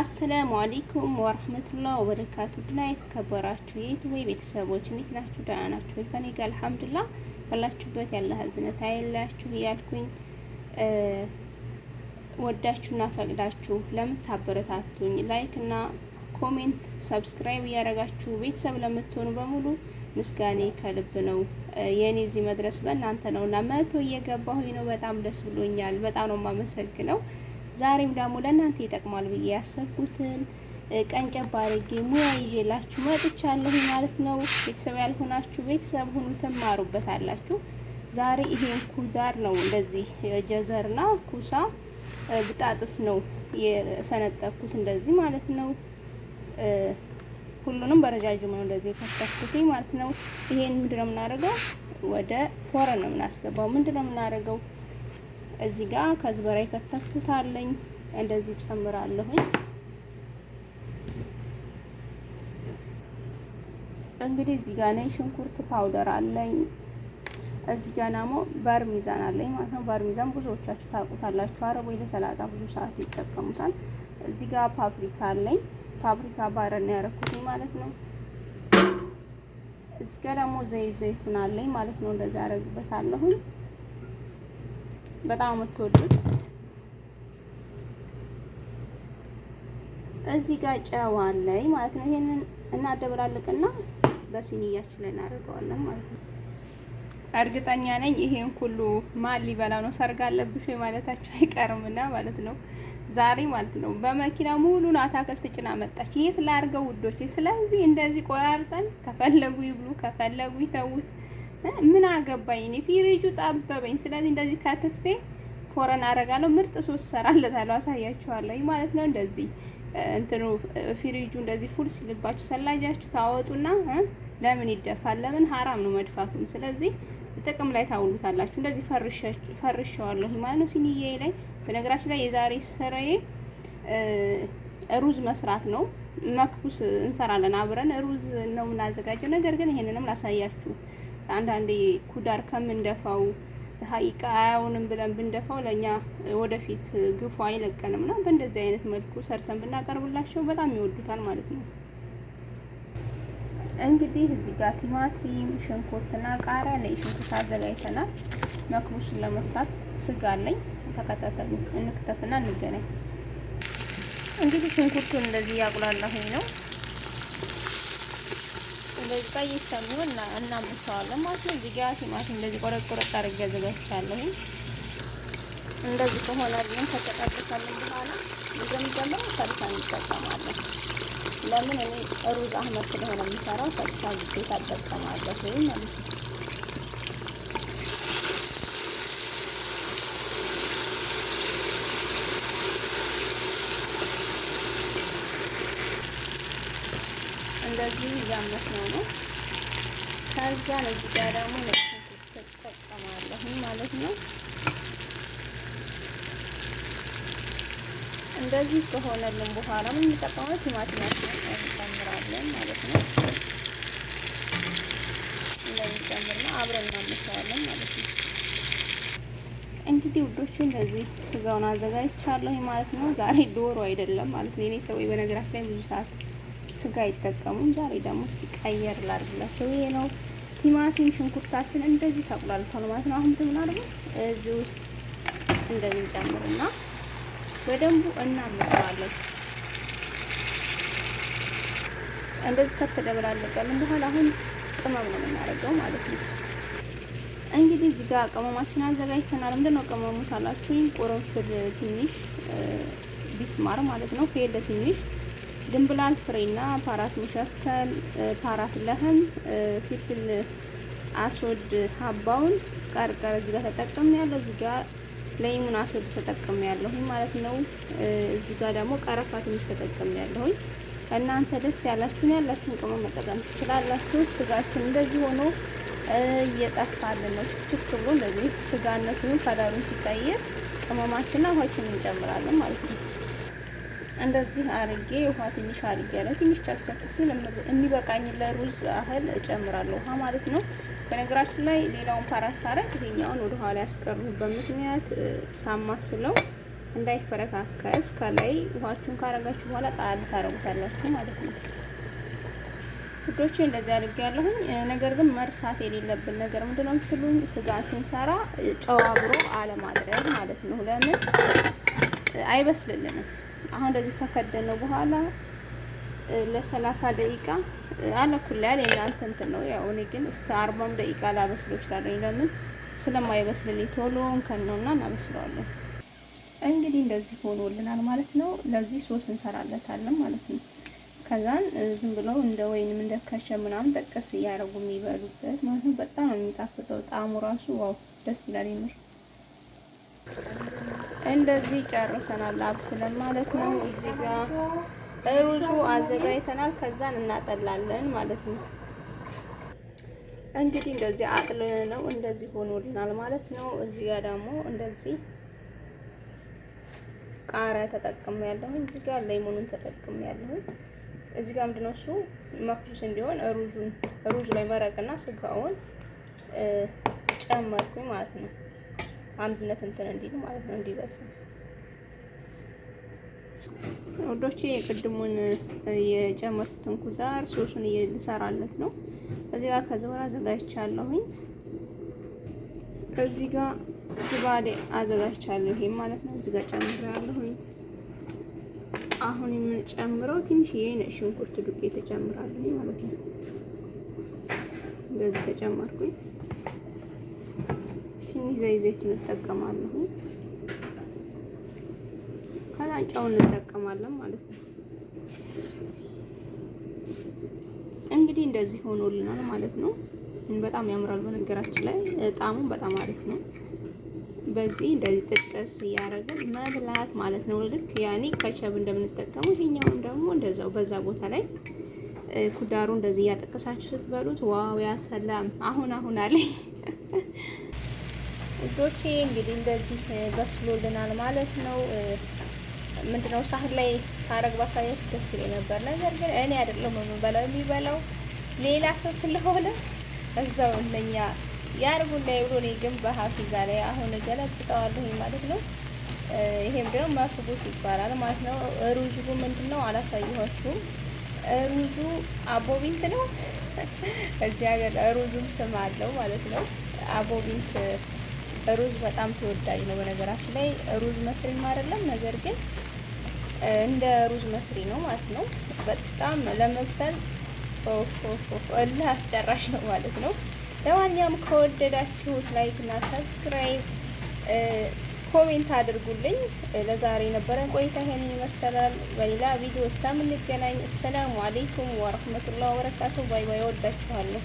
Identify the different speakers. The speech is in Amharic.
Speaker 1: አሰላሙ አለይኩም ወራህመቱላህ ወበረካቱ ድና የተከበራችሁ የኢትዮ ቤተሰቦች እንዴት ናችሁ? ደህና ናችሁ ወይ? ከኔ ጋር አልሐምዱሊላህ። ባላችሁበት ያለ ህዝነት አይለያችሁ እያልኩኝ ወዳችሁና ፈቅዳችሁ ለምታበረታቱኝ ላይክ እና ኮሜንት፣ ሰብስክራይብ እያደረጋችሁ ቤተሰብ ለምትሆኑ በሙሉ ምስጋኔ ከልብ ነው። የኔ እዚህ መድረስ በእናንተ ነውና መቶ እየገባሁኝ ነው። በጣም ደስ ብሎኛል። በጣም ነው የማመሰግነው። ዛሬም ደግሞ ለእናንተ ይጠቅማል ብዬ ያሰብኩትን ቀንጨብ አድርጌ ሙያ ይዤላችሁ መጥቻለሁ ማለት ነው። ቤተሰብ ያልሆናችሁ ቤተሰብ ሁኑ፣ አላችሁ። ዛሬ ይሄን ኩዛር ነው እንደዚህ ጀዘርና ኩሳ ብጣጥስ ነው የሰነጠኩት እንደዚህ ማለት ነው። ሁሉንም በረጃጅም ነው እንደዚህ የከተፍኩት ማለት ነው። ይሄን ምንድነው የምናደርገው? ወደ ፎረን ነው የምናስገባው። ምንድነው የምናደርገው? እዚህ ጋር ከዝበራ የከተፍኩት አለኝ እንደዚህ ጨምራለሁኝ። እንግዲህ እዚህ ጋር ነኝ ሽንኩርት ፓውደር አለኝ። እዚህ ጋር ደግሞ ባር ሚዛን አለኝ ማለት ነው። ባር ሚዛን ብዙዎቻችሁ ታውቁታላችሁ። ወይ ለሰላጣ ብዙ ሰዓት ይጠቀሙታል። እዚህ ጋር ፓፕሪካ አለኝ። ፓፕሪካ ባረን ያደረኩት ማለት ነው። እዚህ ጋር ደግሞ ዘይት ዘይቱን አለኝ ማለት ነው። እንደዛ ያደርግበታለሁኝ። በጣም የምትወዱት። እዚህ ጋር ጨው ላይ ማለት ነው። ይሄንን እናደበላልቅና በሲኒያችን ላይ እናደርገዋለን ማለት ነው። እርግጠኛ ነኝ ይሄን ሁሉ ማን ሊበላ ነው? ሰርግ አለብሽ ወይ ማለታቸው አይቀርምና ማለት ነው። ዛሬ ማለት ነው በመኪና ሙሉን አታክልት ጭና መጣች። የት ላርገው ውዶቼ? ስለዚህ እንደዚህ ቆራርጠን ከፈለጉ ይብሉ፣ ከፈለጉ ይተውት። ምን አገባኝ እኔ ፍሪጁ ጠበበኝ ስለዚህ እንደዚህ ከትፌ ፎረን አረጋለሁ። ምርጥ ሶስት ሰራለታለሁ፣ አሳያችኋለሁ ማለት ነው። እንደዚህ እንትኑ ፍሪጁ እንደዚህ ፉል ሲልባችሁ ሰላጃችሁ ታወጡና ለምን ይደፋል? ለምን ሀራም ነው መድፋቱም። ስለዚህ ጥቅም ላይ ታውሉታላችሁ። እንደዚህ ፈርሻዋለሁ ማለት ነው ሲኒዬ ላይ። በነገራችን ላይ የዛሬ ስራዬ ሩዝ መስራት ነው። መክቡስ እንሰራለን አብረን ሩዝ ነው የምናዘጋጀው። ነገር ግን ይሄንንም ላሳያችሁ አንዳንዴ ኩዳር ከምንደፋው ሀቂቃ አያውንም ብለን ብንደፋው ለእኛ ወደፊት ግፉ አይለቀንም እና በእንደዚህ አይነት መልኩ ሰርተን ብናቀርብላቸው በጣም ይወዱታል ማለት ነው። እንግዲህ እዚህ ጋር ቲማቲም፣ ሽንኩርትና ቃሪያ ላይ ሽንኩርት አዘጋጅተናል። መክቡሱን ለመስራት ስጋ አለኝ። ተከታተሉ፣ እንክተፍና እንገናኝ። እንግዲህ ሽንኩርቱን እንደዚህ ያቁላላሁኝ ነው እንደዚህ ቀይ እና እናምሰዋለን ማለት ነው። እዚህ ጋር ቲማቲም እንደዚህ ቆረጥ ቆረጥ አድርጌ አዘጋጅቻለሁ። እንደዚህ ከሆነ ግን ከተጠበሰልን በኋላ እንደምንጀምረው ሰልሳ እንጠቀማለን። ለምን እኔ ሩዝ አህመድ ስለሆነ የሚሰራው ሰልሳ ግዴታ እጠቀማለሁ ማለት ነው። እንደዚህ እያመስነው ነው። ከዛ እዚህ ጋር ደግሞ ነጭ ሽንኩርት ተጠቀማለሁ ማለት ነው። እንደዚህ ከሆነልን በኋላ ምን እንጠቀመው ቲማቲም እንጨምራለን ማለት ነው። እንደዚህ ጨምርና አብረን እናመሳዋለን ማለት ነው። እንግዲህ ውዶቹ እንደዚህ ስጋውን አዘጋጅቻለሁ ማለት ነው። ዛሬ ዶሮ አይደለም ማለት ነው። እኔ ሰው በነገራችን ላይ ብዙ ሰዓት ስጋ አይጠቀሙም። ዛሬ ደግሞ እስቲ ቀየር ላድርግላቸው። ይሄ ነው ቲማቲም ሽንኩርታችን እንደዚህ ተቁላልቷል ማለት ነው። አሁን ምናልባት እዚህ ውስጥ እንደዚህ ጨምርና በደንቡ እናመስላለን። እንደዚህ ከተደበላለቀልን በኋላ አሁን ቅመም ነው የምናደርገው ማለት ነው። እንግዲህ እዚህ ጋር ቅመማችን አዘጋጅተናል። ምንድነው ቅመሙ አላችሁኝ? ቁርንፍል ትንሽ፣ ቢስማር ማለት ነው፣ ፌለ ትንሽ ድንብላል ፍሬና ፓራት ሙሸከል ፓራት ለህም ፊልፊል አስወድ ሀባውን ቀርቀር እዚህ ጋር ተጠቅም ያለው እዚህ ጋር ለይሙን አስወድ ተጠቅም ያለሁኝ ማለት ነው። እዚህ ጋር ደግሞ ቀረፋ ትንሽ ተጠቅም ያለሁኝ። እናንተ ደስ ያላችሁን ያላችሁን ቅመም መጠቀም ትችላላችሁ። ስጋችን እንደዚህ ሆኖ እየጠፋልን ነው። ችክ ብሎ እንደዚህ ስጋነቱን ከዳሩን ሲቀይር ቅመማችንና ውሃችን እንጨምራለን ማለት ነው። እንደዚህ አርጌ ውሃ ትንሽ አርጌ ያለ ትንሽ ቸክቸክ ሲል የሚበቃኝ ለሩዝ አህል እጨምራለሁ ውሃ ማለት ነው። በነገራችን ላይ ሌላውን ፓራት ሳረግ ይሄኛውን ወደ ኋላ ያስቀሩበት ምክንያት ሳማስለው እንዳይፈረካከስ ከላይ ውሃችሁን ካረጋችሁ በኋላ ጣል ታረጉታላችሁ ማለት ነው። ውዶቼ እንደዚህ አድርጌ ያለሁኝ። ነገር ግን መርሳት የሌለብን ነገር ምንድነው የምትሉኝ? ስጋ ስንሰራ ጨዋብሮ አለማድረግ ማለት ነው። ለምን አይበስልልንም? አሁን እንደዚህ ከከደነው በኋላ ለሰላሳ ደቂቃ አለኩላል የእናንተ እንትን ነው። ያው እኔ ግን እስከ አርባም ደቂቃ ላበስሎ እችላለሁ። ለምን ስለማይበስልልኝ ቶሎ እንከን ነውና እናበስለዋለን። እንግዲህ እንደዚህ ሆኖልናል ማለት ነው። ለዚህ ሶስ እንሰራለታለን ማለት ነው። ከዛን ዝም ብለው እንደ ወይንም እንደ ከሸ ምናምን ጠቀስ እያደረጉ የሚበሉበት ማለት ነው። በጣም ነው የሚጣፍጠው ጣዕሙ ራሱ ዋው፣ ደስ ይላል ይምር እንደዚህ ጨርሰናል አብስለን ማለት ነው። እዚህ ጋር ሩዙ አዘጋጅተናል። ከዛን እናጠላለን ማለት ነው። እንግዲህ እንደዚህ አጥልን ነው እንደዚህ ሆኖልናል ማለት ነው። እዚህ ጋር ደግሞ እንደዚህ ቃሪያ ተጠቅም ያለሁኝ እዚህ ጋር ሌሞኑን ተጠቅም ያለሁኝ እዚህ ጋር ምንድነው እሱ መክሱስ እንዲሆን ሩዙን ሩዙ ላይ መረቅና ስጋውን ጨመርኩኝ ማለት ነው። አንድነት እንትን እንዲል ማለት ነው እንዲበስል ወዶቼ የቅድሙን የጨመርኩትን ኩዛር ሶሱን እየሰራለት ነው። እዚህ ጋር ከዝበራ አዘጋጅቻለሁኝ። ከዚህ ጋር ዝባዴ አዘጋጅቻለሁ። ይሄ ማለት ነው። እዚህ ጋር ጨምራለሁኝ። አሁን የምንጨምረው ይሄ ነጭ ሽንኩርት ዱቄት እጨምራለሁኝ ማለት ነው። እንደዚህ ተጨመርኩኝ። ትንሽ ዘይት እንጠቀማለሁ። ከዛ እንጠቀማለን ማለት ነው። እንግዲህ እንደዚህ ሆኖልናል ማለት ነው። በጣም ያምራል። በነገራችን ላይ ጣዕሙም በጣም አሪፍ ነው። በዚህ እንደዚህ ጥቅስ እያደረግን መብላት ማለት ነው። ልክ ያኔ ከቸብ እንደምንጠቀመው ይሄኛውን ደግሞ እንደዛው በዛ ቦታ ላይ ኩዳሩ እንደዚህ እያጠቀሳችሁ ስትበሉት ዋው ያሰላም! አሁን አሁን አለኝ። ውዶቼ እንግዲህ እንደዚህ በስሎልናል ማለት ነው። ምንድነው ሳህን ላይ ሳረግ ባሳየት ደስ ይለኝ ነበር፣ ነገር ግን እኔ አይደለም የምበላው የሚበላው ሌላ ሰው ስለሆነ እዛው እነኛ ያርጉን ላይ ብሎ እኔ ግን በሀፊዛ ላይ አሁን ገለብጠዋለሁ ማለት ነው። ይሄም ምንድነው መፍቡስ ይባላል ማለት ነው። ሩዙ ነው አላሳየኋችሁም። ሩዙ አቦቢንት ነው። እዚህ ሀገር ሩዙም ስም አለው ማለት ነው። አቦቢንት ሩዝ በጣም ተወዳጅ ነው። በነገራችን ላይ ሩዝ መስሪም አይደለም፣ ነገር ግን እንደ ሩዝ መስሪ ነው ማለት ነው። በጣም ለመብሰል እልህ አስጨራሽ ነው ማለት ነው። ለማንኛውም ከወደዳችሁት ላይክ እና ሰብስክራይብ ኮሜንት አድርጉልኝ። ለዛሬ የነበረን ቆይታ ይሄን ይመሰላል። በሌላ ቪዲዮ እስከምንገናኝ፣ አሰላሙ አለይኩም ወረህመቱላህ ወበረካቱ። ባይ ባይ። ወዳችኋለሁ።